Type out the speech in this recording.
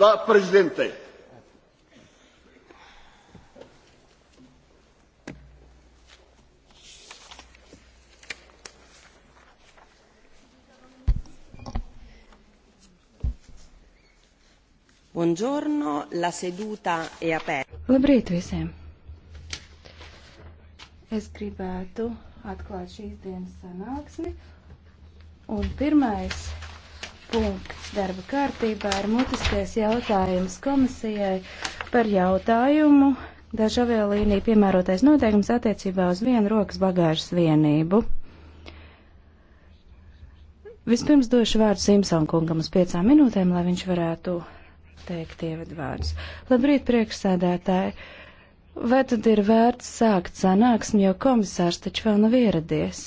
la Presidente. Buongiorno, la seduta è aperta. Labrīt visiem! Es gribētu atklāt šīs dienas sanāksmi. Un pirmais punkts darba kārtībā ir mutiskais jautājums komisijai par jautājumu dažu aviolīniju piemērotais noteikums attiecībā uz vienu rokas bagāžas vienību. Vispirms došu vārdu Simpsonkungam uz piecām minūtēm, lai viņš varētu teikt ievadvārdus. Labrīt, priekšsēdētāji! Vai tad ir vērts sākt sanāksmi, jo komisārs taču vēl nav ieradies?